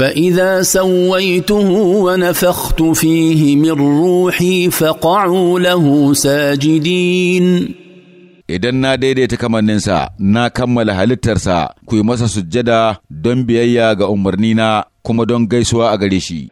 فاذا سويته ونفخت فيه من روحي فقعوا له ساجدين idan na daidaita kamanninsa na kammala halittarsa ku yi masa sujjada don biyayya ga umarnina kuma don gaisuwa a gare shi